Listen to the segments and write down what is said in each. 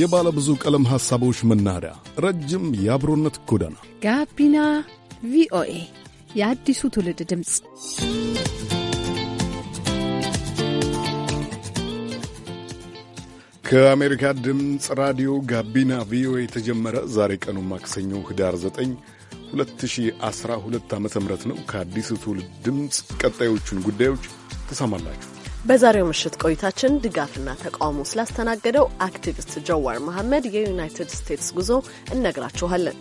የባለ ብዙ ቀለም ሐሳቦች መናኸሪያ፣ ረጅም የአብሮነት ጎዳና፣ ጋቢና ቪኦኤ የአዲሱ ትውልድ ድምፅ። ከአሜሪካ ድምፅ ራዲዮ ጋቢና ቪኦኤ የተጀመረ ዛሬ ቀኑ ማክሰኞ ህዳር 9 2012 ዓ ም ነው። ከአዲሱ ትውልድ ድምፅ ቀጣዮቹን ጉዳዮች ተሰማላችሁ። በዛሬው ምሽት ቆይታችን ድጋፍና ተቃውሞ ስላስተናገደው አክቲቪስት ጀዋር መሐመድ የዩናይትድ ስቴትስ ጉዞ እነግራችኋለን።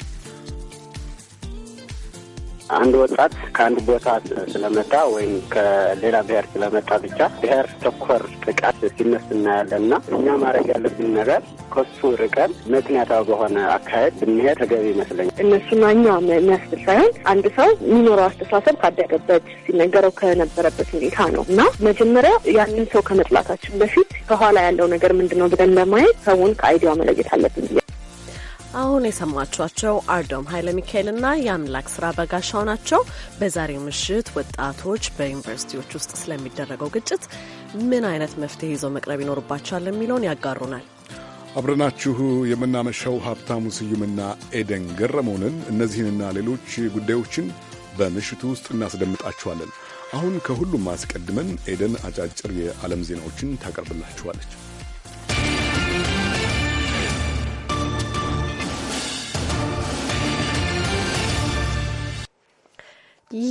አንድ ወጣት ከአንድ ቦታ ስለመጣ ወይም ከሌላ ብሔር ስለመጣ ብቻ ብሔር ተኮር ጥቃት ሲነስ እናያለን እና እኛ ማድረግ ያለብን ነገር ከሱ ርቀን ምክንያታዊ በሆነ አካሄድ ብንሄድ ተገቢ ይመስለኛል። እነሱ እኛ የሚያስብል ሳይሆን አንድ ሰው የሚኖረው አስተሳሰብ ካደገበት ሲነገረው ከነበረበት ሁኔታ ነው እና መጀመሪያ ያንን ሰው ከመጥላታችን በፊት ከኋላ ያለው ነገር ምንድን ነው ብለን ለማየት ሰውን ከአይዲያ መለየት አለብን። አሁን የሰማችኋቸው አርዶም ኃይለ ሚካኤልና የአምላክ ስራ በጋሻው ናቸው። በዛሬው ምሽት ወጣቶች በዩኒቨርሲቲዎች ውስጥ ስለሚደረገው ግጭት ምን አይነት መፍትሄ ይዘው መቅረብ ይኖርባቸዋል የሚለውን ያጋሩናል። አብረናችሁ የምናመሻው ሀብታሙ ስዩምና ኤደን ገረመውንን እነዚህንና ሌሎች ጉዳዮችን በምሽቱ ውስጥ እናስደምጣችኋለን። አሁን ከሁሉም አስቀድመን ኤደን አጫጭር የዓለም ዜናዎችን ታቀርብላችኋለች።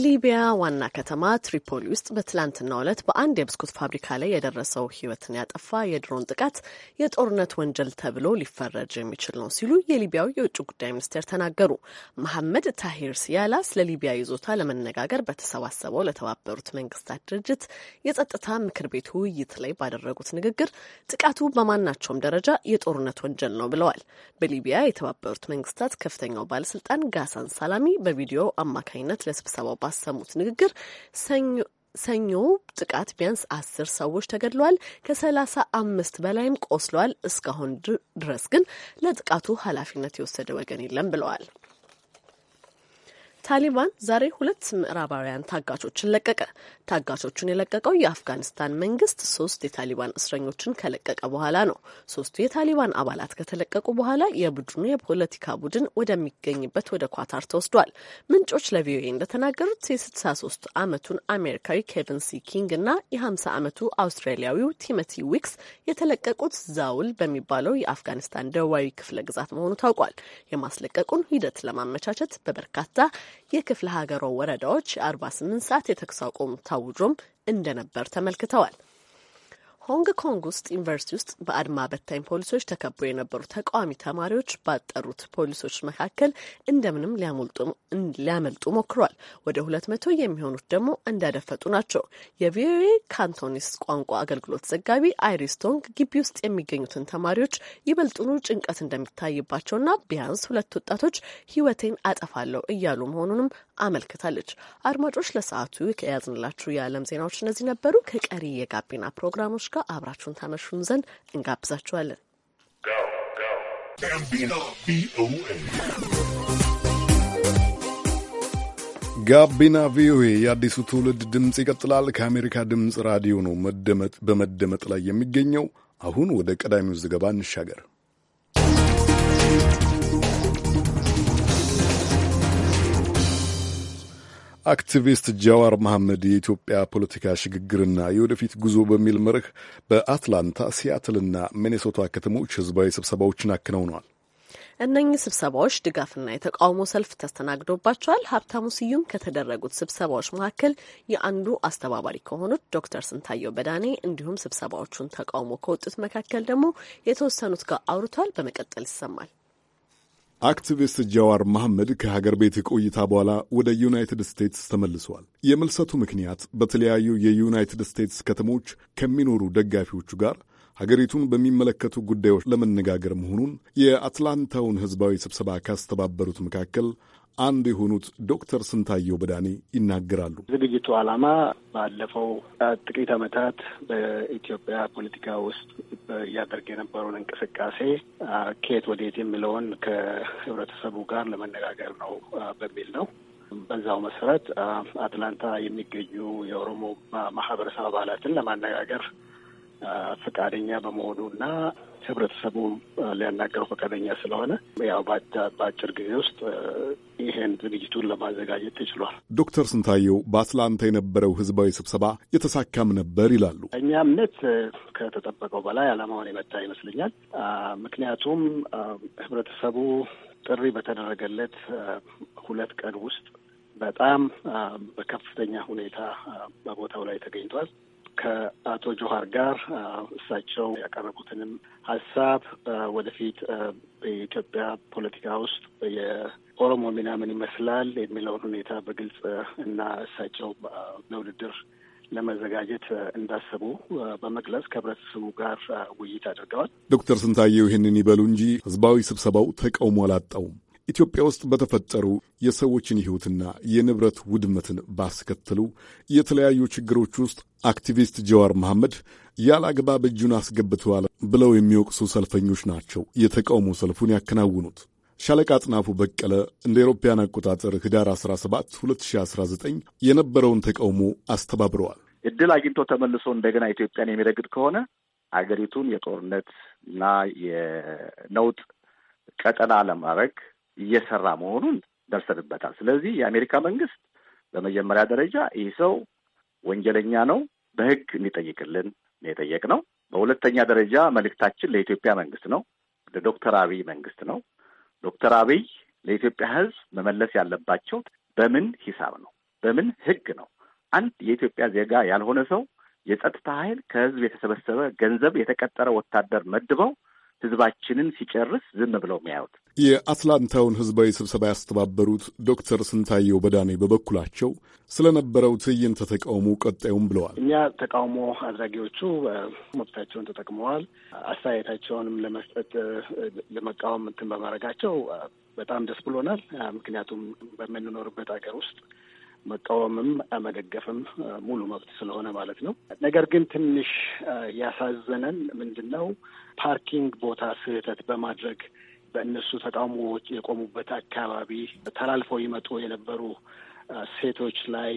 ሊቢያ ዋና ከተማ ትሪፖሊ ውስጥ በትላንትናው ዕለት በአንድ የብስኩት ፋብሪካ ላይ የደረሰው ሕይወትን ያጠፋ የድሮን ጥቃት የጦርነት ወንጀል ተብሎ ሊፈረጅ የሚችል ነው ሲሉ የሊቢያው የውጭ ጉዳይ ሚኒስቴር ተናገሩ። መሐመድ ታሂር ሲያላ ስለ ሊቢያ ይዞታ ለመነጋገር በተሰባሰበው ለተባበሩት መንግስታት ድርጅት የጸጥታ ምክር ቤቱ ውይይት ላይ ባደረጉት ንግግር ጥቃቱ በማናቸውም ደረጃ የጦርነት ወንጀል ነው ብለዋል። በሊቢያ የተባበሩት መንግስታት ከፍተኛው ባለስልጣን ጋሳን ሳላሚ በቪዲዮ አማካኝነት ለስብሰባ ስብሰባው ባሰሙት ንግግር ሰኞ ሰኞ ጥቃት ቢያንስ አስር ሰዎች ተገድለዋል፣ ከሰላሳ አምስት በላይም ቆስለዋል። እስካሁን ድረስ ግን ለጥቃቱ ኃላፊነት የወሰደ ወገን የለም ብለዋል። ታሊባን ዛሬ ሁለት ምዕራባውያን ታጋቾችን ለቀቀ። ታጋቾቹን የለቀቀው የአፍጋኒስታን መንግስት ሶስት የታሊባን እስረኞችን ከለቀቀ በኋላ ነው። ሶስቱ የታሊባን አባላት ከተለቀቁ በኋላ የቡድኑ የፖለቲካ ቡድን ወደሚገኝበት ወደ ኳታር ተወስዷል። ምንጮች ለቪኦኤ እንደተናገሩት የ63 ዓመቱን አሜሪካዊ ኬቨን ሲ ኪንግ እና የ50 ዓመቱ አውስትራሊያዊው ቲሞቲ ዊክስ የተለቀቁት ዛውል በሚባለው የአፍጋኒስታን ደቡባዊ ክፍለ ግዛት መሆኑ ታውቋል። የማስለቀቁን ሂደት ለማመቻቸት በበርካታ የክፍለ ሀገሯ ወረዳዎች 48 ሰዓት የተኩስ አቁም ታውጆም እንደነበር ተመልክተዋል። ሆንግ ኮንግ ውስጥ ዩኒቨርሲቲ ውስጥ በአድማ በታኝ ፖሊሶች ተከበው የነበሩ ተቃዋሚ ተማሪዎች ባጠሩት ፖሊሶች መካከል እንደምንም ሊያመልጡ ሞክሯል ወደ ሁለት መቶ የሚሆኑት ደግሞ እንዳደፈጡ ናቸው። የቪኦኤ ካንቶኒስ ቋንቋ አገልግሎት ዘጋቢ አይሪስቶንግ ግቢ ውስጥ የሚገኙትን ተማሪዎች ይበልጡኑ ጭንቀት እንደሚታይባቸውና ቢያንስ ሁለት ወጣቶች ሕይወቴን አጠፋለሁ እያሉ መሆኑንም አመልክታለች። አድማጮች ለሰዓቱ ከያዝንላችሁ የዓለም ዜናዎች እነዚህ ነበሩ። ከቀሪ የጋቢና ፕሮግራሞች ጋር አብራችሁን ታመሹን ዘንድ እንጋብዛችኋለን። ጋቢና ቪኦኤ የአዲሱ ትውልድ ድምፅ ይቀጥላል። ከአሜሪካ ድምፅ ራዲዮ ነው በመደመጥ ላይ የሚገኘው። አሁን ወደ ቀዳሚው ዘገባ እንሻገር። አክቲቪስት ጃዋር መሐመድ የኢትዮጵያ ፖለቲካ ሽግግርና የወደፊት ጉዞ በሚል መርህ በአትላንታ፣ ሲያትልና ሚኔሶታ ከተሞች ህዝባዊ ስብሰባዎችን አከናውኗል እነኚህ ስብሰባዎች ድጋፍና የተቃውሞ ሰልፍ ተስተናግዶባቸዋል። ሀብታሙ ስዩም ከተደረጉት ስብሰባዎች መካከል የአንዱ አስተባባሪ ከሆኑት ዶክተር ስንታየው በዳኔ እንዲሁም ስብሰባዎቹን ተቃውሞ ከወጡት መካከል ደግሞ የተወሰኑት ጋር አውርቷል። በመቀጠል ይሰማል። አክቲቪስት ጃዋር መሐመድ ከሀገር ቤት ቆይታ በኋላ ወደ ዩናይትድ ስቴትስ ተመልሷል። የምልሰቱ ምክንያት በተለያዩ የዩናይትድ ስቴትስ ከተሞች ከሚኖሩ ደጋፊዎቹ ጋር ሀገሪቱን በሚመለከቱ ጉዳዮች ለመነጋገር መሆኑን የአትላንታውን ሕዝባዊ ስብሰባ ካስተባበሩት መካከል አንዱ የሆኑት ዶክተር ስንታየው በዳኔ ይናገራሉ። ዝግጅቱ ዓላማ ባለፈው ጥቂት ዓመታት በኢትዮጵያ ፖለቲካ ውስጥ እያደረገ የነበረውን እንቅስቃሴ ከየት ወዴት የሚለውን ከህብረተሰቡ ጋር ለመነጋገር ነው በሚል ነው። በዛው መሰረት አትላንታ የሚገኙ የኦሮሞ ማህበረሰብ አባላትን ለማነጋገር ፈቃደኛ በመሆኑ እና ህብረተሰቡም ሊያናገረው ፈቃደኛ ስለሆነ ያው በአጭር ጊዜ ውስጥ ይሄን ዝግጅቱን ለማዘጋጀት ተችሏል። ዶክተር ስንታየው በአትላንታ የነበረው ህዝባዊ ስብሰባ የተሳካም ነበር ይላሉ። እኛ እምነት ከተጠበቀው በላይ አላማውን የመታ ይመስለኛል። ምክንያቱም ህብረተሰቡ ጥሪ በተደረገለት ሁለት ቀን ውስጥ በጣም በከፍተኛ ሁኔታ በቦታው ላይ ተገኝቷል። ከአቶ ጆሀር ጋር እሳቸው ያቀረቡትንም ሀሳብ ወደፊት በኢትዮጵያ ፖለቲካ ውስጥ የኦሮሞ ሚና ምን ይመስላል የሚለውን ሁኔታ በግልጽ እና እሳቸው ለውድድር ለመዘጋጀት እንዳሰቡ በመግለጽ ከህብረተሰቡ ጋር ውይይት አድርገዋል። ዶክተር ስንታየው ይህንን ይበሉ እንጂ ህዝባዊ ስብሰባው ተቃውሞ አላጣውም። ኢትዮጵያ ውስጥ በተፈጠሩ የሰዎችን ሕይወትና የንብረት ውድመትን ባስከተሉ የተለያዩ ችግሮች ውስጥ አክቲቪስት ጀዋር መሐመድ ያለ አግባብ እጁን አስገብተዋል ብለው የሚወቅሱ ሰልፈኞች ናቸው የተቃውሞ ሰልፉን ያከናውኑት። ሻለቃ አጥናፉ በቀለ እንደ ኤሮፓያን አቆጣጠር ህዳር 17 2019 የነበረውን ተቃውሞ አስተባብረዋል። እድል አግኝቶ ተመልሶ እንደገና ኢትዮጵያን የሚረግድ ከሆነ አገሪቱን የጦርነት እና የነውጥ ቀጠና ለማድረግ እየሰራ መሆኑን ደርሰንበታል። ስለዚህ የአሜሪካ መንግስት በመጀመሪያ ደረጃ ይህ ሰው ወንጀለኛ ነው፣ በህግ እንዲጠይቅልን ነው የጠየቅነው። በሁለተኛ ደረጃ መልእክታችን ለኢትዮጵያ መንግስት ነው፣ ለዶክተር አብይ መንግስት ነው። ዶክተር አብይ ለኢትዮጵያ ህዝብ መመለስ ያለባቸው በምን ሂሳብ ነው? በምን ህግ ነው? አንድ የኢትዮጵያ ዜጋ ያልሆነ ሰው የጸጥታ ኃይል ከህዝብ የተሰበሰበ ገንዘብ የተቀጠረ ወታደር መድበው ህዝባችንን ሲጨርስ ዝም ብለው የሚያዩት። የአትላንታውን ህዝባዊ ስብሰባ ያስተባበሩት ዶክተር ስንታየው በዳኔ በበኩላቸው ስለነበረው ትዕይንተ ተቃውሞ ቀጣዩም ብለዋል። እኛ ተቃውሞ አድራጊዎቹ መብታቸውን ተጠቅመዋል። አስተያየታቸውንም ለመስጠት ለመቃወም እንትን በማድረጋቸው በጣም ደስ ብሎናል። ምክንያቱም በምንኖርበት ሀገር ውስጥ መቃወምም መደገፍም ሙሉ መብት ስለሆነ ማለት ነው። ነገር ግን ትንሽ ያሳዘነን ምንድን ነው ፓርኪንግ ቦታ ስህተት በማድረግ በእነሱ ተቃውሞዎች የቆሙበት አካባቢ ተላልፈው ይመጡ የነበሩ ሴቶች ላይ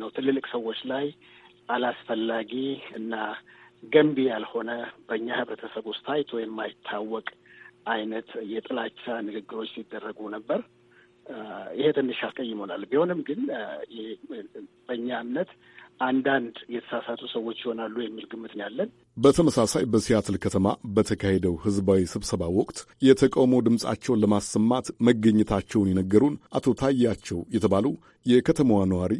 ነው ትልልቅ ሰዎች ላይ አላስፈላጊ እና ገንቢ ያልሆነ በእኛ ህብረተሰብ ውስጥ ታይቶ የማይታወቅ አይነት የጥላቻ ንግግሮች ሲደረጉ ነበር። ይሄ ትንሽ አስቀይሞናል። ቢሆንም ግን በእኛ እምነት አንዳንድ የተሳሳቱ ሰዎች ይሆናሉ የሚል ግምት ነው ያለን። በተመሳሳይ በሲያትል ከተማ በተካሄደው ሕዝባዊ ስብሰባ ወቅት የተቃውሞ ድምፃቸውን ለማሰማት መገኘታቸውን የነገሩን አቶ ታያቸው የተባሉ የከተማዋ ነዋሪ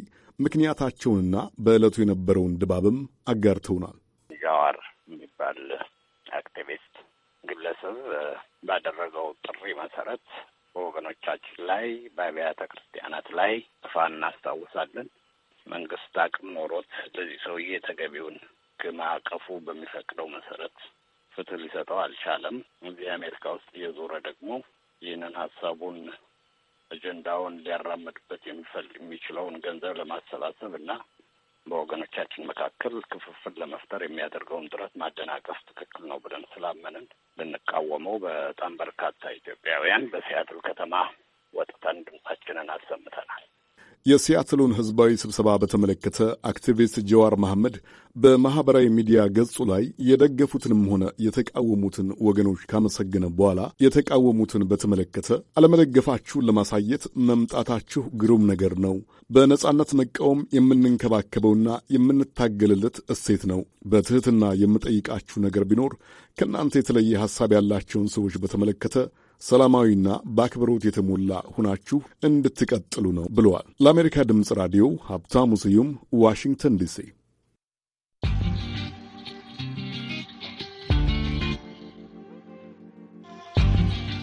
ምክንያታቸውንና በዕለቱ የነበረውን ድባብም አጋርተውናል። ጃዋር የሚባል አክቲቪስት ግለሰብ ባደረገው ጥሪ መሰረት በወገኖቻችን ላይ በአብያተ ክርስቲያናት ላይ ጥፋ እናስታውሳለን። መንግስት አቅም ኖሮት ለዚህ ሰውዬ ተገቢውን ማዕቀፉ በሚፈቅደው መሰረት ፍትህ ሊሰጠው አልቻለም። እዚህ አሜሪካ ውስጥ እየዞረ ደግሞ ይህንን ሀሳቡን አጀንዳውን ሊያራምድበት የሚፈል የሚችለውን ገንዘብ ለማሰባሰብ እና በወገኖቻችን መካከል ክፍፍል ለመፍጠር የሚያደርገውን ጥረት ማደናቀፍ ትክክል ነው ብለን ስላመንን ልንቃወመው በጣም በርካታ ኢትዮጵያውያን በሲያትል ከተማ ወጥተን ድምጻችንን አሰምተናል። የሲያትሉን ሕዝባዊ ስብሰባ በተመለከተ አክቲቪስት ጀዋር መሐመድ በማኅበራዊ ሚዲያ ገጹ ላይ የደገፉትንም ሆነ የተቃወሙትን ወገኖች ካመሰገነ በኋላ የተቃወሙትን በተመለከተ አለመደገፋችሁን ለማሳየት መምጣታችሁ ግሩም ነገር ነው። በነጻነት መቃወም የምንንከባከበውና የምንታገልለት እሴት ነው። በትሕትና የምጠይቃችሁ ነገር ቢኖር ከእናንተ የተለየ ሐሳብ ያላቸውን ሰዎች በተመለከተ ሰላማዊና በአክብሮት የተሞላ ሁናችሁ እንድትቀጥሉ ነው ብለዋል። ለአሜሪካ ድምፅ ራዲዮ ሀብታሙ ስዩም ዋሽንግተን ዲሲ።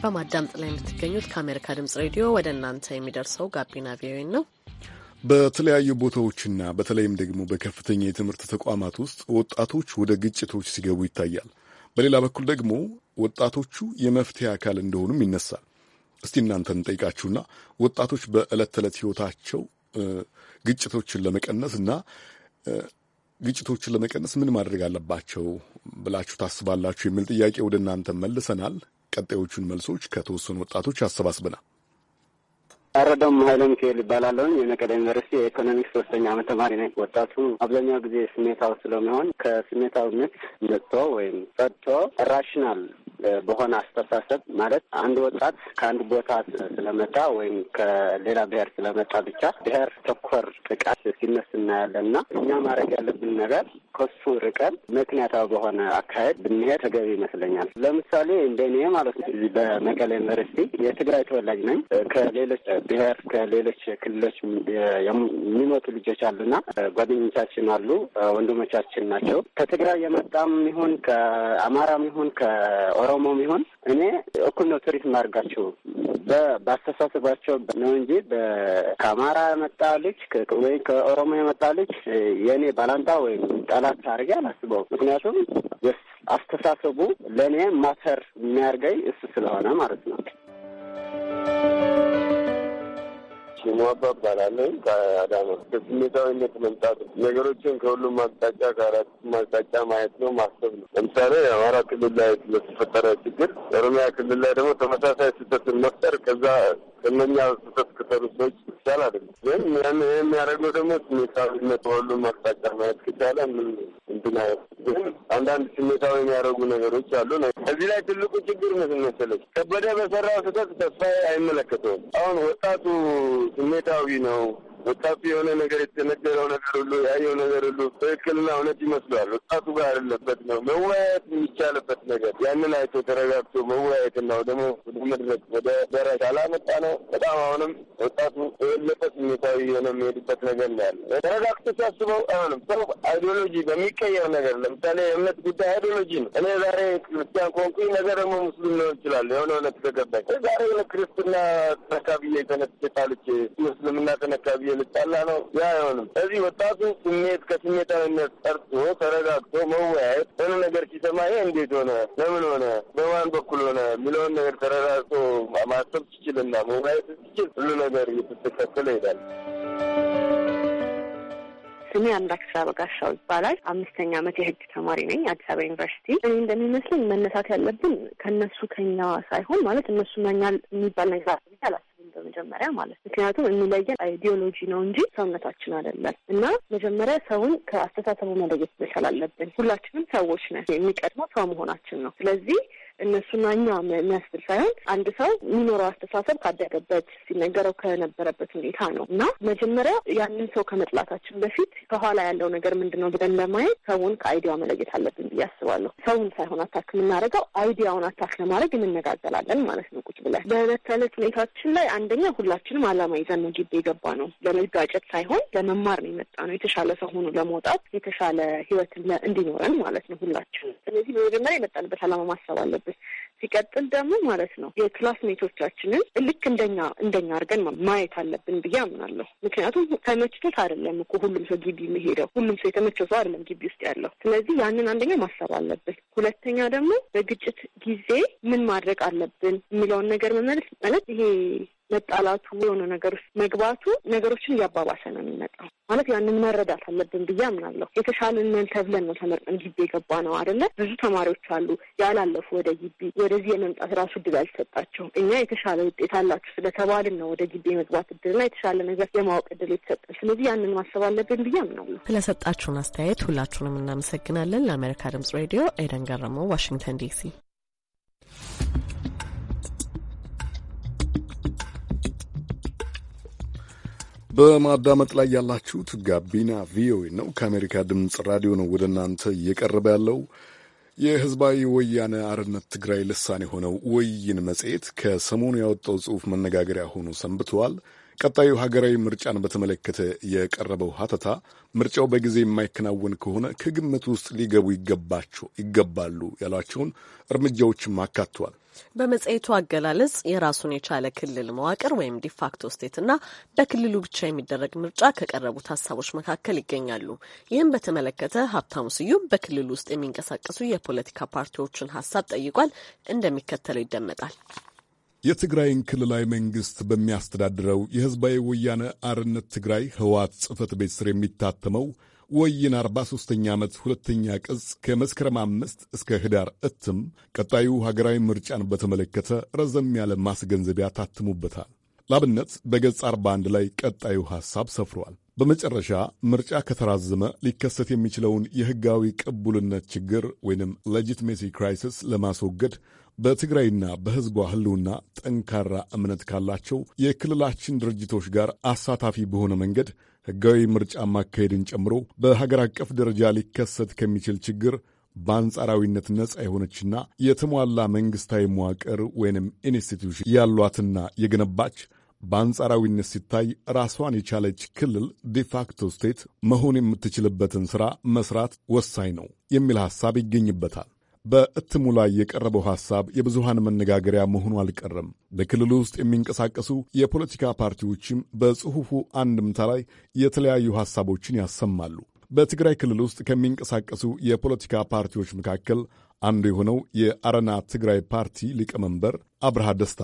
በማዳመጥ ላይ የምትገኙት ከአሜሪካ ድምፅ ሬዲዮ ወደ እናንተ የሚደርሰው ጋቢና ቪኦኤ ነው። በተለያዩ ቦታዎችና በተለይም ደግሞ በከፍተኛ የትምህርት ተቋማት ውስጥ ወጣቶች ወደ ግጭቶች ሲገቡ ይታያል። በሌላ በኩል ደግሞ ወጣቶቹ የመፍትሄ አካል እንደሆኑም ይነሳል። እስቲ እናንተን ጠይቃችሁና ወጣቶች በዕለት ተዕለት ህይወታቸው ግጭቶችን ለመቀነስ እና ግጭቶችን ለመቀነስ ምን ማድረግ አለባቸው ብላችሁ ታስባላችሁ? የሚል ጥያቄ ወደ እናንተ መልሰናል። ቀጣዮቹን መልሶች ከተወሰኑ ወጣቶች አሰባስበናል። አረዳም ሀይለም ኬል ይባላለሁኝ። የመቀሌ ዩኒቨርሲቲ የኢኮኖሚክስ ሶስተኛ ዓመት ተማሪ ነኝ። ወጣቱ አብዛኛው ጊዜ ስሜታው ስለሚሆን ከስሜታው ምት ነጥቶ ወይም ጸድቶ ራሽናል በሆነ አስተሳሰብ ማለት አንድ ወጣት ከአንድ ቦታ ስለመጣ ወይም ከሌላ ብሔር ስለመጣ ብቻ ብሔር ተኮር ጥቃት ሲነስ እናያለን እና እኛ ማድረግ ያለብን ነገር ከሱ ርቀን ምክንያታዊ በሆነ አካሄድ ብንሄድ ተገቢ ይመስለኛል። ለምሳሌ እንደኔ ማለት ነው እዚህ በመቀሌ ዩኒቨርሲቲ የትግራይ ተወላጅ ነኝ። ከሌሎች ብሔር ከሌሎች ክልሎች የሚመጡ ልጆች አሉና ጓደኞቻችን አሉ፣ ወንድሞቻችን ናቸው። ከትግራይ የመጣም ይሁን ከአማራም ይሁን ከኦሮ ኦሮሞም ይሁን እኔ እኩል ነው ትሪት ማድርጋቸው በአስተሳሰባቸው ነው እንጂ ከአማራ የመጣ ልጅ ወይም ከኦሮሞ የመጣ ልጅ የእኔ ባላንጣ ወይም ጠላት አድርጌ አላስበው። ምክንያቱም አስተሳሰቡ ለእኔ ማተር የሚያርገኝ እሱ ስለሆነ ማለት ነው። ሽሟባ እባላለሁ ከአዳማ። በስሜታዊነት መምጣት ነው። ነገሮችን ከሁሉም ማቅጣጫ ከአራት ማቅጣጫ ማየት ነው፣ ማሰብ ነው። ለምሳሌ የአማራ ክልል ላይ ስለተፈጠረ ችግር ኦሮሚያ ክልል ላይ ደግሞ ተመሳሳይ ስህተትን መፍጠር ከዛ ከነኛ ስህተት ከተሩ ሰዎች ይቻል አይደለም። ግን ያን የሚያደርገው ደግሞ ስሜታዊነት ከሁሉም አቅጣጫ ማየት ከቻለ ምን እንትና ግን አንዳንድ ስሜታዊ የሚያደርጉ ነገሮች አሉ። እዚህ ላይ ትልቁ ችግር ምን መሰለች፣ ከበደ በሰራው ስህተት ተስፋ አይመለከተውም። አሁን ወጣቱ ስሜታዊ ነው ወጣቱ የሆነ ነገር የተነገረው ነገር ሁሉ ያየው ነገር ሁሉ ትክክልና እውነት ይመስሏል ወጣቱ ጋር አይደለበት ነው መወያየት የሚቻልበት ነገር ያንን አይቶ ተረጋግቶ መወያየት ነው ደግሞ መድረክ ወደ ደረጃ አላመጣ ነው። በጣም አሁንም ወጣቱ የለጠ ስሜታዊ የሆነ የሚሄድበት ነገር ነው ያለ። ተረጋግቶ ሲያስበው አሁንም ሰው አይዲዮሎጂ በሚቀየር ነገር ለምሳሌ የእምነት ጉዳይ አይዲዮሎጂ ነው። እኔ ዛሬ ክርስቲያን ኮንኩ ነገር ደግሞ ሙስሊም ሊሆን ይችላል። የሆነ እውነት ተገባኝ ዛሬ ክርስትና ተነካብዬ ተነስቼ ጣልቼ ሙስልምና ተነካብዬ ልጣላ ነው። ያ አይሆንም። ስለዚህ ወጣቱ ስሜት ከስሜታዊነት ጠርቶ ተረጋግቶ መወያየት ሆነ ነገር ሲሰማ ይሄ እንዴት ሆነ፣ ለምን ሆነ፣ በማን በኩል ሆነ የሚለውን ነገር ተረጋግቶ ማሰብ ትችልና መወያየት ትችል ሁሉ ነገር እየተስተካከለ ይሄዳል። ስሜ አምላክ ስራ በጋሻው ይባላል። አምስተኛ ዓመት የህግ ተማሪ ነኝ አዲስ አበባ ዩኒቨርሲቲ። እኔ እንደሚመስለኝ መነሳት ያለብን ከእነሱ ከኛ ሳይሆን ማለት እነሱ መኛል የሚባል ነገር አላስብም። በመጀመሪያ ማለት ምክንያቱም የሚለየን አይዲዮሎጂ ነው እንጂ ሰውነታችን አይደለም። እና መጀመሪያ ሰውን ከአስተሳሰቡ መለየት መቻል አለብን። ሁላችንም ሰዎች ነን። የሚቀድመው ሰው መሆናችን ነው። ስለዚህ እነሱና እኛ የሚያስብል ሳይሆን አንድ ሰው የሚኖረው አስተሳሰብ ካደገበት ሲነገረው ከነበረበት ሁኔታ ነው እና መጀመሪያ ያንን ሰው ከመጥላታችን በፊት ከኋላ ያለው ነገር ምንድን ነው ብለን ለማየት ሰውን ከአይዲያው መለየት አለብን ብዬ አስባለሁ። ሰውን ሳይሆን አታክ የምናደርገው አይዲያውን አታክ ለማድረግ እንነጋገላለን ማለት ነው ቁጭ ብለን በዕለት ተዕለት ሁኔታችን ላይ አንደኛ ሁላችንም አላማ ይዘን ነው ግቢ የገባ ነው። ለመጋጨት ሳይሆን ለመማር ነው የመጣ ነው። የተሻለ ሰው ሆኖ ለመውጣት የተሻለ ህይወት እንዲኖረን ማለት ነው ሁላችን። ስለዚህ በመጀመሪያ የመጣንበት አላማ ማሰብ አለብን። አለብን። ሲቀጥል ደግሞ ማለት ነው የክላስሜቶቻችንን ልክ እንደኛ እንደኛ አድርገን ማየት አለብን ብዬ አምናለሁ። ምክንያቱም ተመችቶት አይደለም እኮ ሁሉም ሰው ግቢ የሚሄደው ሁሉም ሰው የተመቸው ሰው አይደለም ግቢ ውስጥ ያለው። ስለዚህ ያንን አንደኛ ማሰብ አለብን። ሁለተኛ ደግሞ በግጭት ጊዜ ምን ማድረግ አለብን የሚለውን ነገር መመለስ ማለት ይሄ መጣላቱ፣ የሆነ ነገር ውስጥ መግባቱ ነገሮችን እያባባሰ ነው የሚመጣው። ማለት ያንን መረዳት አለብን ብዬ አምናለሁ። የተሻለንን ተብለን ነው ተመርጠን ግቢ የገባ ነው አደለ ብዙ ተማሪዎች አሉ ያላለፉ ወደ ግቢ ወደዚህ የመምጣት ራሱ እድል አልተሰጣቸውም። እኛ የተሻለ ውጤት አላችሁ ስለተባልን ነው ወደ ግቢ የመግባት እድልና የተሻለ ነገር የማወቅ እድል የተሰጠን። ስለዚህ ያንን ማሰብ አለብን ብዬ አምናለሁ። ስለሰጣችሁን አስተያየት ሁላችሁንም እናመሰግናለን። ለአሜሪካ ድምጽ ሬዲዮ ኤደን ገረመው፣ ዋሽንግተን ዲሲ በማዳመጥ ላይ ያላችሁት ጋቢና ቪኦኤ ነው። ከአሜሪካ ድምፅ ራዲዮ ነው ወደ እናንተ እየቀረበ ያለው የህዝባዊ ወያነ አርነት ትግራይ ልሳን የሆነው ወይን መጽሔት ከሰሞኑ ያወጣው ጽሑፍ መነጋገሪያ ሆኖ ሰንብተዋል። ቀጣዩ ሀገራዊ ምርጫን በተመለከተ የቀረበው ሀተታ ምርጫው በጊዜ የማይከናወን ከሆነ ከግምት ውስጥ ሊገቡ ይገባሉ ያሏቸውን እርምጃዎችም አካቷል። በመጽሔቱ አገላለጽ የራሱን የቻለ ክልል መዋቅር ወይም ዲፋክቶ ስቴትና በክልሉ ብቻ የሚደረግ ምርጫ ከቀረቡት ሀሳቦች መካከል ይገኛሉ። ይህም በተመለከተ ሀብታሙ ስዩም በክልሉ ውስጥ የሚንቀሳቀሱ የፖለቲካ ፓርቲዎችን ሀሳብ ጠይቋል። እንደሚከተለው ይደመጣል። የትግራይን ክልላዊ መንግስት በሚያስተዳድረው የህዝባዊ ወያነ አርነት ትግራይ ህወሓት ጽህፈት ቤት ስር የሚታተመው ወይን 43ኛ ዓመት ሁለተኛ ቅጽ ከመስከረም አምስት እስከ ህዳር እትም ቀጣዩ ሀገራዊ ምርጫን በተመለከተ ረዘም ያለ ማስገንዘቢያ ታትሙበታል። ላብነት በገጽ 41 ላይ ቀጣዩ ሐሳብ ሰፍሯል። በመጨረሻ ምርጫ ከተራዘመ ሊከሰት የሚችለውን የሕጋዊ ቅቡልነት ችግር ወይንም ሌጂትሜሲ ክራይሲስ ለማስወገድ በትግራይና በሕዝቧ ህልውና ጠንካራ እምነት ካላቸው የክልላችን ድርጅቶች ጋር አሳታፊ በሆነ መንገድ ሕጋዊ ምርጫ ማካሄድን ጨምሮ በሀገር አቀፍ ደረጃ ሊከሰት ከሚችል ችግር በአንጻራዊነት ነጻ የሆነችና የተሟላ መንግሥታዊ መዋቅር ወይንም ኢንስቲትዩሽን ያሏትና የገነባች በአንጻራዊነት ሲታይ ራሷን የቻለች ክልል ዲፋክቶ ስቴት መሆን የምትችልበትን ሥራ መሥራት ወሳኝ ነው የሚል ሐሳብ ይገኝበታል። በእትሙ ላይ የቀረበው ሐሳብ የብዙሃን መነጋገሪያ መሆኑ አልቀረም። በክልሉ ውስጥ የሚንቀሳቀሱ የፖለቲካ ፓርቲዎችም በጽሑፉ አንድምታ ላይ የተለያዩ ሐሳቦችን ያሰማሉ። በትግራይ ክልል ውስጥ ከሚንቀሳቀሱ የፖለቲካ ፓርቲዎች መካከል አንዱ የሆነው የአረና ትግራይ ፓርቲ ሊቀመንበር አብርሃ ደስታ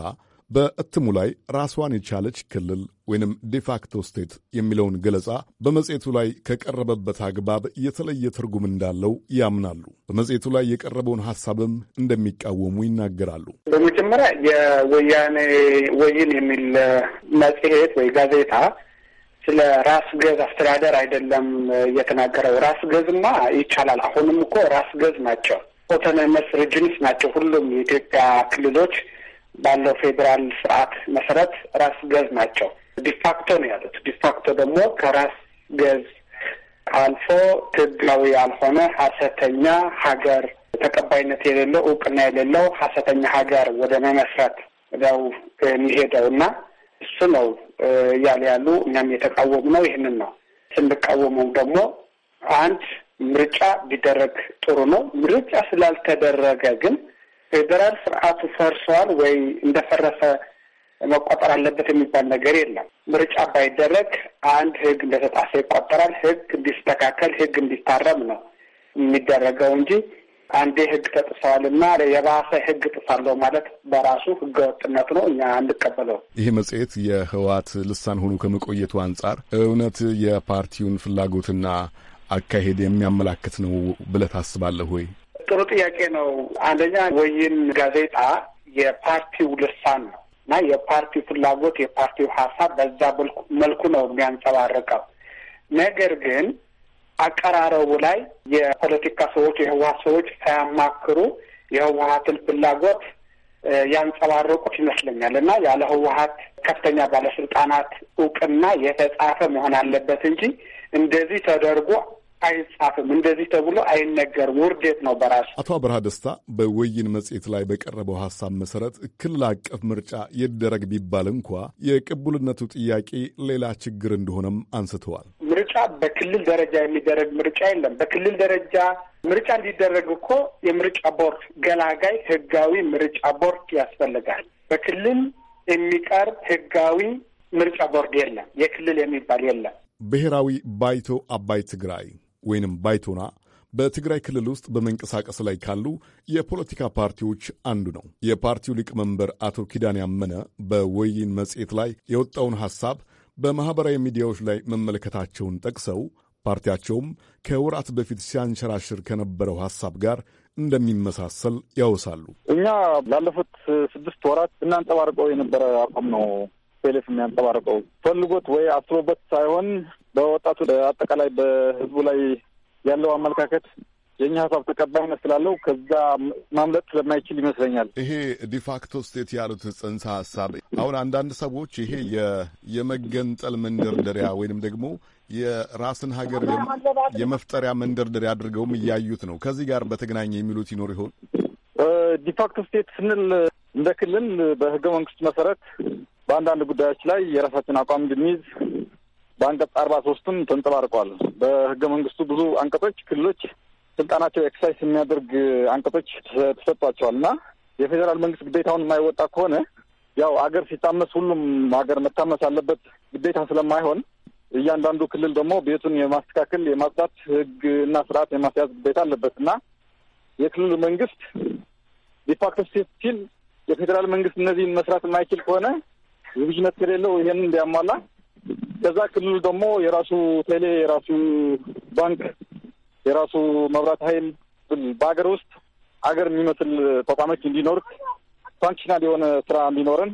በእትሙ ላይ ራሷን የቻለች ክልል ወይንም ዲፋክቶ ስቴት የሚለውን ገለጻ በመጽሔቱ ላይ ከቀረበበት አግባብ የተለየ ትርጉም እንዳለው ያምናሉ። በመጽሔቱ ላይ የቀረበውን ሀሳብም እንደሚቃወሙ ይናገራሉ። በመጀመሪያ የወያኔ ወይን የሚል መጽሔት ወይ ጋዜጣ ስለ ራስ ገዝ አስተዳደር አይደለም እየተናገረው። ራስ ገዝማ ይቻላል። አሁንም እኮ ራስ ገዝ ናቸው፣ ኦቶኖመስ ሪጅንስ ናቸው ሁሉም የኢትዮጵያ ክልሎች ባለው ፌዴራል ስርዓት መሰረት ራስ ገዝ ናቸው። ዲፋክቶ ነው ያሉት። ዲፋክቶ ደግሞ ከራስ ገዝ አልፎ ህጋዊ ያልሆነ ሀሰተኛ ሀገር ተቀባይነት የሌለው እውቅና የሌለው ሀሰተኛ ሀገር ወደ መመስረት ነው የሚሄደው እና እሱ ነው እያለ ያሉ እኛም የተቃወሙ ነው። ይህንን ነው ስንቃወመው ደግሞ አንድ ምርጫ ቢደረግ ጥሩ ነው። ምርጫ ስላልተደረገ ግን ፌዴራል ስርዓት ፈርሷል ወይ እንደፈረሰ መቆጠር አለበት የሚባል ነገር የለም። ምርጫ ባይደረግ አንድ ህግ እንደተጣሰ ይቆጠራል። ህግ እንዲስተካከል፣ ህግ እንዲታረም ነው የሚደረገው እንጂ አንዴ ህግ ተጥሰዋል እና የባሰ ህግ ጥሳለሁ ማለት በራሱ ህገ ወጥነት ነው። እኛ አንቀበለው። ይህ መጽሔት የህወሓት ልሳን ሆኖ ከመቆየቱ አንጻር እውነት የፓርቲውን ፍላጎትና አካሄድ የሚያመላክት ነው ብለህ ታስባለህ ወይ? ጥሩ ጥያቄ ነው። አንደኛ ወይን ጋዜጣ የፓርቲው ልሳን ነው እና የፓርቲው ፍላጎት የፓርቲው ሀሳብ በዛ መልኩ ነው የሚያንጸባርቀው። ነገር ግን አቀራረቡ ላይ የፖለቲካ ሰዎች የህወሀት ሰዎች ሳያማክሩ የህወሀትን ፍላጎት ያንጸባረቁት ይመስለኛል እና ያለ ህወሀት ከፍተኛ ባለስልጣናት እውቅና የተጻፈ መሆን አለበት እንጂ እንደዚህ ተደርጎ አይጻፍም። እንደዚህ ተብሎ አይነገርም። ውርደት ነው በራሱ። አቶ አብርሃ ደስታ በወይን መጽሔት ላይ በቀረበው ሀሳብ መሰረት ክልል አቀፍ ምርጫ ይደረግ ቢባል እንኳ የቅቡልነቱ ጥያቄ ሌላ ችግር እንደሆነም አንስተዋል። ምርጫ በክልል ደረጃ የሚደረግ ምርጫ የለም። በክልል ደረጃ ምርጫ እንዲደረግ እኮ የምርጫ ቦርድ ገላጋይ ህጋዊ ምርጫ ቦርድ ያስፈልጋል። በክልል የሚቀርብ ህጋዊ ምርጫ ቦርድ የለም። የክልል የሚባል የለም። ብሔራዊ ባይቶ አባይ ትግራይ ወይንም ባይቶና በትግራይ ክልል ውስጥ በመንቀሳቀስ ላይ ካሉ የፖለቲካ ፓርቲዎች አንዱ ነው። የፓርቲው ሊቀመንበር አቶ ኪዳን ያመነ በወይን መጽሔት ላይ የወጣውን ሐሳብ በማኅበራዊ ሚዲያዎች ላይ መመልከታቸውን ጠቅሰው ፓርቲያቸውም ከወራት በፊት ሲያንሸራሽር ከነበረው ሐሳብ ጋር እንደሚመሳሰል ያወሳሉ። እኛ ላለፉት ስድስት ወራት እናንጸባርቀው የነበረ አቋም ነው ቴሌፍ የሚያንጸባርቀው ፈልጎት ወይ አስቦበት ሳይሆን በወጣቱ አጠቃላይ በህዝቡ ላይ ያለው አመለካከት የእኛ ሀሳብ ተቀባይነት ስላለው ከዛ ማምለጥ ስለማይችል ይመስለኛል። ይሄ ዲፋክቶ ስቴት ያሉት ጽንሰ ሀሳብ አሁን አንዳንድ ሰዎች ይሄ የመገንጠል መንደርደሪያ ወይንም ደግሞ የራስን ሀገር የመፍጠሪያ መንደርደሪያ አድርገውም እያዩት ነው። ከዚህ ጋር በተገናኘ የሚሉት ይኖር ይሆን? ዲፋክቶ ስቴት ስንል እንደ ክልል በህገ መንግስት መሰረት በአንዳንድ ጉዳዮች ላይ የራሳችን አቋም እንድንይዝ በአንቀጽ አርባ ሶስትም ተንጸባርቋል። በህገ መንግስቱ ብዙ አንቀጦች ክልሎች ስልጣናቸው ኤክሳይስ የሚያደርግ አንቀጦች ተሰጧቸዋል እና የፌዴራል መንግስት ግዴታውን የማይወጣ ከሆነ ያው አገር ሲታመስ ሁሉም ሀገር መታመስ አለበት ግዴታ ስለማይሆን እያንዳንዱ ክልል ደግሞ ቤቱን የማስተካከል የማጽዳት ህግ እና ስርዓት የማስያዝ ግዴታ አለበት እና የክልል መንግስት ዲፋክቶ ስቴት ሲል የፌዴራል መንግስት እነዚህን መስራት የማይችል ከሆነ ዝግጁነት ከሌለው ይህንን እንዲያሟላ ከዛ ክልል ደግሞ የራሱ ቴሌ፣ የራሱ ባንክ፣ የራሱ መብራት ኃይል በሀገር ውስጥ ሀገር የሚመስል ተቋሞች እንዲኖር ፋንክሽናል የሆነ ስራ እንዲኖረን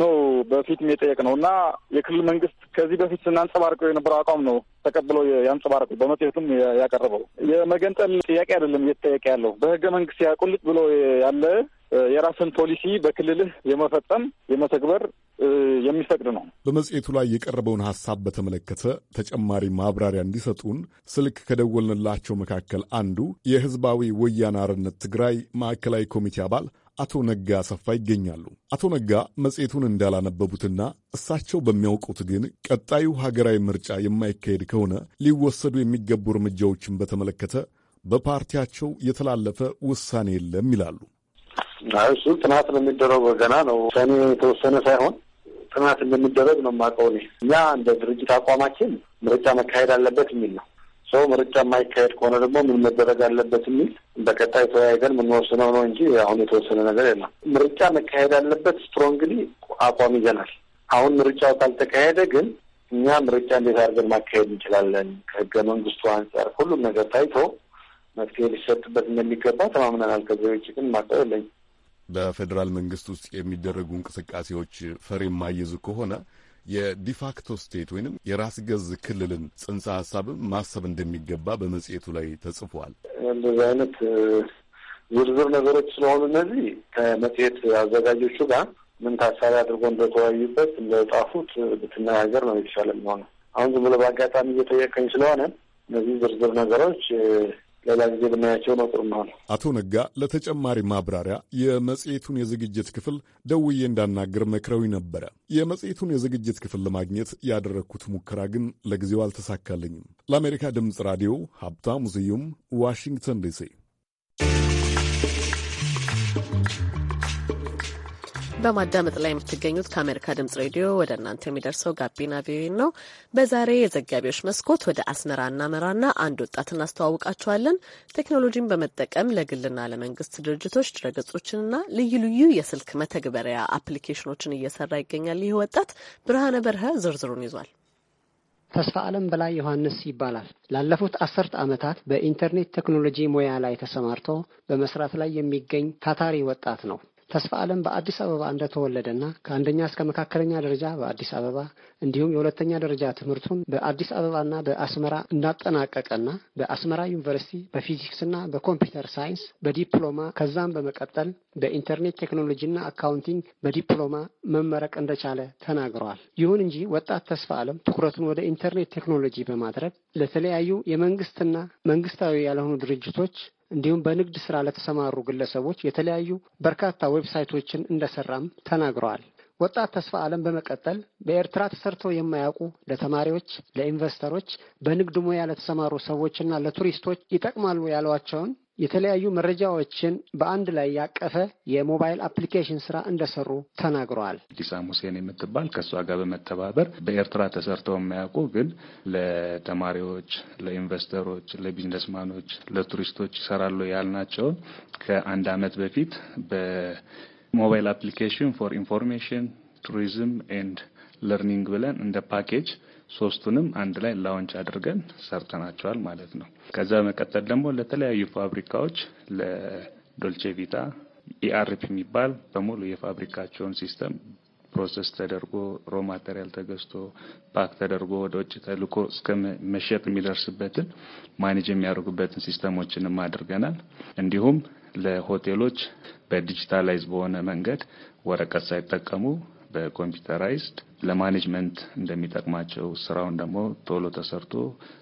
ነው በፊትም የጠየቅ ነው እና የክልል መንግስት ከዚህ በፊት ስናንጸባርቀው የነበረው አቋም ነው ተቀብለው ያንጸባረቀው። በመጽሔቱም ያቀረበው የመገንጠል ጥያቄ አይደለም እየተጠየቀ ያለው በህገ መንግስት ያቁልጥ ብሎ ያለ የራስን ፖሊሲ በክልልህ የመፈጸም የመተግበር የሚፈቅድ ነው። በመጽሔቱ ላይ የቀረበውን ሀሳብ በተመለከተ ተጨማሪ ማብራሪያ እንዲሰጡን ስልክ ከደወልንላቸው መካከል አንዱ የህዝባዊ ወያነ ትግራይ ማዕከላዊ ኮሚቴ አባል አቶ ነጋ ሰፋ ይገኛሉ። አቶ ነጋ መጽሔቱን እንዳላነበቡትና እሳቸው በሚያውቁት ግን ቀጣዩ ሀገራዊ ምርጫ የማይካሄድ ከሆነ ሊወሰዱ የሚገቡ እርምጃዎችን በተመለከተ በፓርቲያቸው የተላለፈ ውሳኔ የለም ይላሉ። እሱ ጥናት ነው የሚደረገው። ገና ነው ሰኔ የተወሰነ ሳይሆን ጥናት እንደሚደረግ ነው የማውቀው እኔ። እኛ እንደ ድርጅት አቋማችን ምርጫ መካሄድ አለበት የሚል ነው። ሰው ምርጫ የማይካሄድ ከሆነ ደግሞ ምን መደረግ አለበት የሚል በቀጣይ ተወያይተን የምንወስነው ነው እንጂ አሁን የተወሰነ ነገር የለም። ምርጫ መካሄድ አለበት ስትሮንግሊ አቋም ይዘናል። አሁን ምርጫው ካልተካሄደ ግን እኛ ምርጫ እንዴት አድርገን ማካሄድ እንችላለን ከህገ መንግስቱ አንጻር ሁሉም ነገር ታይቶ መፍትሄ ሊሰጥበት እንደሚገባ ተማምነናል። ከዚህ ውጭ ግን ማቀብ የለኝም። በፌዴራል መንግስት ውስጥ የሚደረጉ እንቅስቃሴዎች ፈሬ የማይዙ ከሆነ የዲፋክቶ ስቴት ወይንም የራስ ገዝ ክልልን ጽንሰ ሀሳብም ማሰብ እንደሚገባ በመጽሔቱ ላይ ተጽፏል። እንደዚህ አይነት ዝርዝር ነገሮች ስለሆኑ እነዚህ ከመጽሔት አዘጋጆቹ ጋር ምን ታሳቢ አድርጎ እንደተወያዩበት እንደጻፉት ብትነጋገር ነው የተሻለ የሚሆነው። አሁን ዝም ብሎ በአጋጣሚ እየጠየቀኝ ስለሆነ እነዚህ ዝርዝር ነገሮች ሌላ ጊዜ ብናያቸው ነው ጥሩ ነው። አቶ ነጋ ለተጨማሪ ማብራሪያ የመጽሔቱን የዝግጅት ክፍል ደውዬ እንዳናገር መክረው ነበረ። የመጽሔቱን የዝግጅት ክፍል ለማግኘት ያደረግኩት ሙከራ ግን ለጊዜው አልተሳካልኝም። ለአሜሪካ ድምፅ ራዲዮ ሀብታሙ ስዩም ዋሽንግተን ዲሲ። በማዳመጥ ላይ የምትገኙት ከአሜሪካ ድምጽ ሬዲዮ ወደ እናንተ የሚደርሰው ጋቢና ቪኦኤ ነው። በዛሬ የዘጋቢዎች መስኮት ወደ አስመራ እናመራና አንድ ወጣት እናስተዋውቃቸዋለን። ቴክኖሎጂን በመጠቀም ለግልና ለመንግስት ድርጅቶች ድረገጾችንና ልዩ ልዩ የስልክ መተግበሪያ አፕሊኬሽኖችን እየሰራ ይገኛል። ይህ ወጣት ብርሃነ በርሀ ዝርዝሩን ይዟል። ተስፋ ዓለም በላይ ዮሐንስ ይባላል። ላለፉት አስርት ዓመታት በኢንተርኔት ቴክኖሎጂ ሙያ ላይ ተሰማርቶ በመስራት ላይ የሚገኝ ታታሪ ወጣት ነው። ተስፋ ዓለም በአዲስ አበባ እንደተወለደና ከአንደኛ እስከ መካከለኛ ደረጃ በአዲስ አበባ እንዲሁም የሁለተኛ ደረጃ ትምህርቱን በአዲስ አበባና በአስመራ እንዳጠናቀቀና በአስመራ ዩኒቨርሲቲ በፊዚክስና በኮምፒውተር ሳይንስ በዲፕሎማ ከዛም በመቀጠል በኢንተርኔት ቴክኖሎጂና አካውንቲንግ በዲፕሎማ መመረቅ እንደቻለ ተናግረዋል። ይሁን እንጂ ወጣት ተስፋ ዓለም ትኩረቱን ወደ ኢንተርኔት ቴክኖሎጂ በማድረግ ለተለያዩ የመንግስትና መንግስታዊ ያልሆኑ ድርጅቶች እንዲሁም በንግድ ስራ ለተሰማሩ ግለሰቦች የተለያዩ በርካታ ዌብሳይቶችን እንደሰራም ተናግረዋል። ወጣት ተስፋ ዓለም በመቀጠል በኤርትራ ተሰርተው የማያውቁ ለተማሪዎች፣ ለኢንቨስተሮች፣ በንግድ ሙያ ለተሰማሩ ሰዎችና ለቱሪስቶች ይጠቅማሉ ያሏቸውን የተለያዩ መረጃዎችን በአንድ ላይ ያቀፈ የሞባይል አፕሊኬሽን ስራ እንደሰሩ ተናግረዋል። ዲሳም ሁሴን የምትባል ከእሷ ጋር በመተባበር በኤርትራ ተሰርተው የማያውቁ ግን ለተማሪዎች፣ ለኢንቨስተሮች፣ ለቢዝነስማኖች፣ ለቱሪስቶች ይሰራሉ ያልናቸውን ከአንድ አመት በፊት በሞባይል አፕሊኬሽን ፎር ኢንፎርሜሽን ቱሪዝም ኤንድ ለርኒንግ ብለን እንደ ፓኬጅ ሶስቱንም አንድ ላይ ላውንች አድርገን ሰርተናቸዋል ማለት ነው። ከዛ በመቀጠል ደግሞ ለተለያዩ ፋብሪካዎች ለዶልቼ ቪታ ኢአርፒ የሚባል በሙሉ የፋብሪካቸውን ሲስተም ፕሮሰስ ተደርጎ ሮ ማቴሪያል ተገዝቶ ፓክ ተደርጎ ወደ ውጭ ተልኮ እስከ መሸጥ የሚደርስበትን ማኔጅ የሚያደርጉበትን ሲስተሞችንም አድርገናል። እንዲሁም ለሆቴሎች በዲጂታላይዝ በሆነ መንገድ ወረቀት ሳይጠቀሙ በኮምፒውተራይዝድ ለማኔጅመንት እንደሚጠቅማቸው ስራውን ደግሞ ቶሎ ተሰርቶ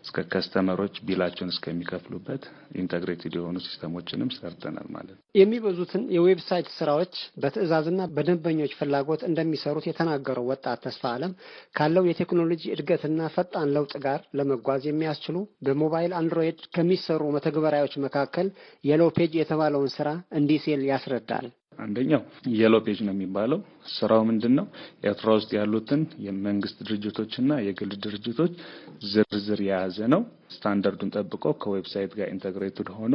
እስከ ከስተመሮች ቢላቸውን እስከሚከፍሉበት ኢንተግሬትድ የሆኑ ሲስተሞችንም ሰርተናል ማለት ነው። የሚበዙትን የዌብሳይት ስራዎች በትዕዛዝና በደንበኞች ፍላጎት እንደሚሰሩት የተናገረው ወጣት ተስፋ አለም ካለው የቴክኖሎጂ እድገትና ፈጣን ለውጥ ጋር ለመጓዝ የሚያስችሉ በሞባይል አንድሮይድ ከሚሰሩ መተግበሪያዎች መካከል የሎፔጅ የተባለውን ስራ እንዲህ ሲል ያስረዳል። አንደኛው የሎ ፔጅ ነው የሚባለው። ስራው ምንድን ነው? ኤርትራ ውስጥ ያሉትን የመንግስት ድርጅቶችና የግል ድርጅቶች ዝርዝር የያዘ ነው። ስታንዳርዱን ጠብቆ ከዌብሳይት ጋር ኢንተግሬትድ ሆኖ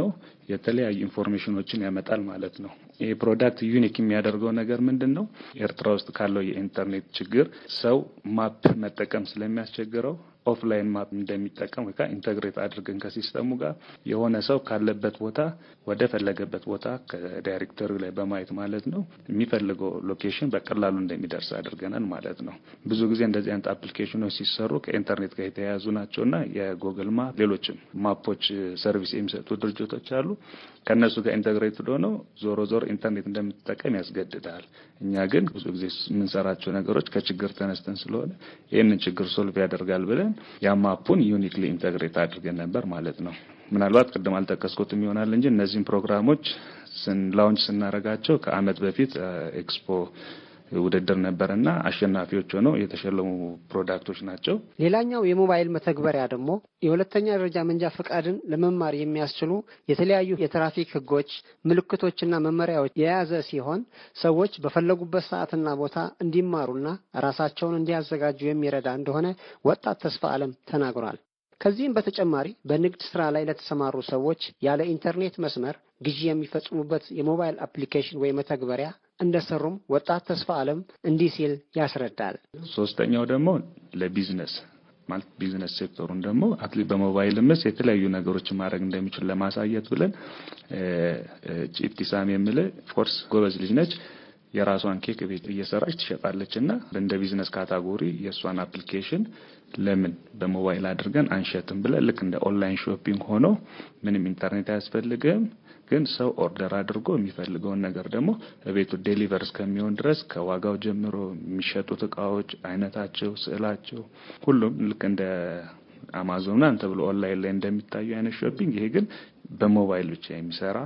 የተለያዩ ኢንፎርሜሽኖችን ያመጣል ማለት ነው። ይህ ፕሮዳክት ዩኒክ የሚያደርገው ነገር ምንድን ነው? ኤርትራ ውስጥ ካለው የኢንተርኔት ችግር ሰው ማፕ መጠቀም ስለሚያስቸግረው ኦፍላይን ማፕ እንደሚጠቀም ወይ ኢንተግሬት አድርገን ከሲስተሙ ጋር የሆነ ሰው ካለበት ቦታ ወደ ፈለገበት ቦታ ከዳይሬክተሪ ላይ በማየት ማለት ነው የሚፈልገው ሎኬሽን በቀላሉ እንደሚደርስ አድርገናል ማለት ነው። ብዙ ጊዜ እንደዚህ አይነት አፕሊኬሽኖች ሲሰሩ ከኢንተርኔት ጋር የተያያዙ ናቸውና የጉግል ማፕ፣ ሌሎችም ማፖች ሰርቪስ የሚሰጡ ድርጅቶች አሉ። ከእነሱ ጋር ኢንተግሬት ሆነው ዞሮ ዞሮ ኢንተርኔት እንደምትጠቀም ያስገድዳል። እኛ ግን ብዙ ጊዜ የምንሰራቸው ነገሮች ከችግር ተነስተን ስለሆነ ይህንን ችግር ሶልቭ ያደርጋል ብለን ያማፑን ዩኒክሊ ኢንተግሬት አድርገን ነበር ማለት ነው። ምናልባት ቅድም አልጠቀስኩትም ይሆናል እንጂ እነዚህን ፕሮግራሞች ላውንች ስናደርጋቸው ከአመት በፊት ኤክስፖ ውድድር ነበር እና አሸናፊዎች ሆነው የተሸለሙ ፕሮዳክቶች ናቸው። ሌላኛው የሞባይል መተግበሪያ ደግሞ የሁለተኛ ደረጃ መንጃ ፈቃድን ለመማር የሚያስችሉ የተለያዩ የትራፊክ ሕጎች ምልክቶችና መመሪያዎች የያዘ ሲሆን ሰዎች በፈለጉበት ሰዓትና ቦታ እንዲማሩና ራሳቸውን እንዲያዘጋጁ የሚረዳ እንደሆነ ወጣት ተስፋ አለም ተናግሯል። ከዚህም በተጨማሪ በንግድ ስራ ላይ ለተሰማሩ ሰዎች ያለ ኢንተርኔት መስመር ግዢ የሚፈጽሙበት የሞባይል አፕሊኬሽን ወይም መተግበሪያ እንደሰሩም ወጣት ተስፋ አለም እንዲህ ሲል ያስረዳል። ሶስተኛው ደግሞ ለቢዝነስ ማለት ቢዝነስ ሴክተሩን ደግሞ አትሊ በሞባይል ምስ የተለያዩ ነገሮችን ማድረግ እንደሚችል ለማሳየት ብለን ጭብቲሳም የምል ፎርስ ጎበዝ ልጅ ነች። የራሷን ኬክ ቤት እየሰራች ትሸጣለች እና እንደ ቢዝነስ ካታጎሪ የእሷን አፕሊኬሽን ለምን በሞባይል አድርገን አንሸጥም ብለን ልክ እንደ ኦንላይን ሾፒንግ ሆኖ ምንም ኢንተርኔት አያስፈልግም ግን ሰው ኦርደር አድርጎ የሚፈልገውን ነገር ደግሞ ቤቱ ዴሊቨር እስከሚሆን ድረስ ከዋጋው ጀምሮ የሚሸጡት እቃዎች አይነታቸው፣ ስዕላቸው ሁሉም ልክ እንደ አማዞን ምናምን ተብሎ ኦንላይን ላይ እንደሚታዩ አይነት ሾፒንግ፣ ይሄ ግን በሞባይል ብቻ የሚሰራ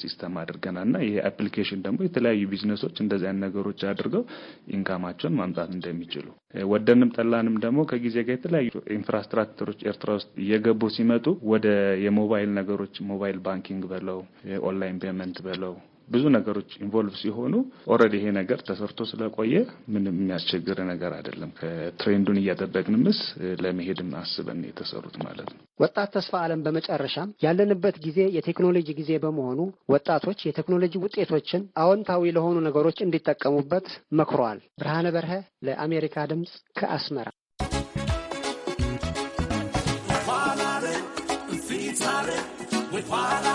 ሲስተም አድርገናል እና ይሄ አፕሊኬሽን ደግሞ የተለያዩ ቢዝነሶች እንደዚህ አይነት ነገሮች አድርገው ኢንካማቸውን ማምጣት እንደሚችሉ ወደንም ጠላንም ደግሞ ከጊዜ ጋር የተለያዩ ኢንፍራስትራክቸሮች ኤርትራ ውስጥ እየገቡ ሲመጡ ወደ የሞባይል ነገሮች ሞባይል ባንኪንግ በለው ኦንላይን ፔመንት በለው ብዙ ነገሮች ኢንቮልቭ ሲሆኑ ኦልሬዲ ይሄ ነገር ተሰርቶ ስለቆየ ምንም የሚያስቸግር ነገር አይደለም። ከትሬንዱን እያጠበቅንምስ ለመሄድም አስበን የተሰሩት ማለት ነው። ወጣት ተስፋ አለም በመጨረሻም ያለንበት ጊዜ የቴክኖሎጂ ጊዜ በመሆኑ ወጣቶች የቴክኖሎጂ ውጤቶችን አዎንታዊ ለሆኑ ነገሮች እንዲጠቀሙበት መክሯል። ብርሃነ በርሀ ለአሜሪካ ድምፅ ከአስመራ። Why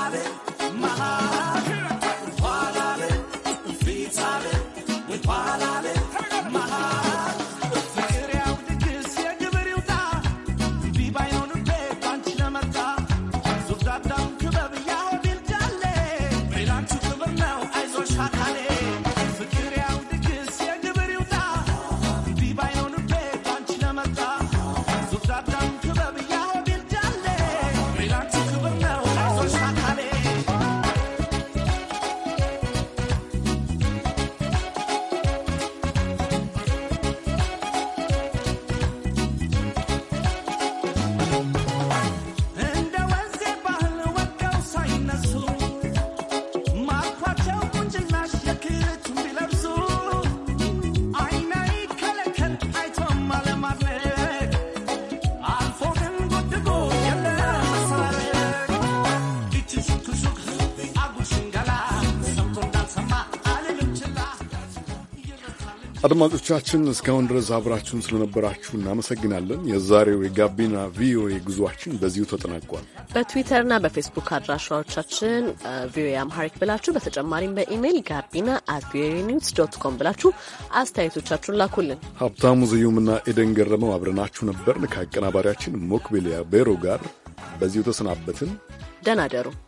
አድማጮቻችን እስካሁን ድረስ አብራችሁን ስለነበራችሁ እናመሰግናለን። የዛሬው የጋቢና ቪኦኤ ጉዟችን በዚሁ ተጠናቋል። በትዊተርና በፌስቡክ አድራሻዎቻችን ቪኦኤ አምሃሪክ ብላችሁ በተጨማሪም በኢሜይል ጋቢና አት ቪኦኤ ኒውስ ዶት ኮም ብላችሁ አስተያየቶቻችሁን ላኩልን። ሀብታሙ ዝዩምና ኤደን ገረመው አብረናችሁ ነበርን። ከአቀናባሪያችን ሞክቤሊያ ቤሮ ጋር በዚሁ ተሰናበትን። ደናደሩ ደሩ።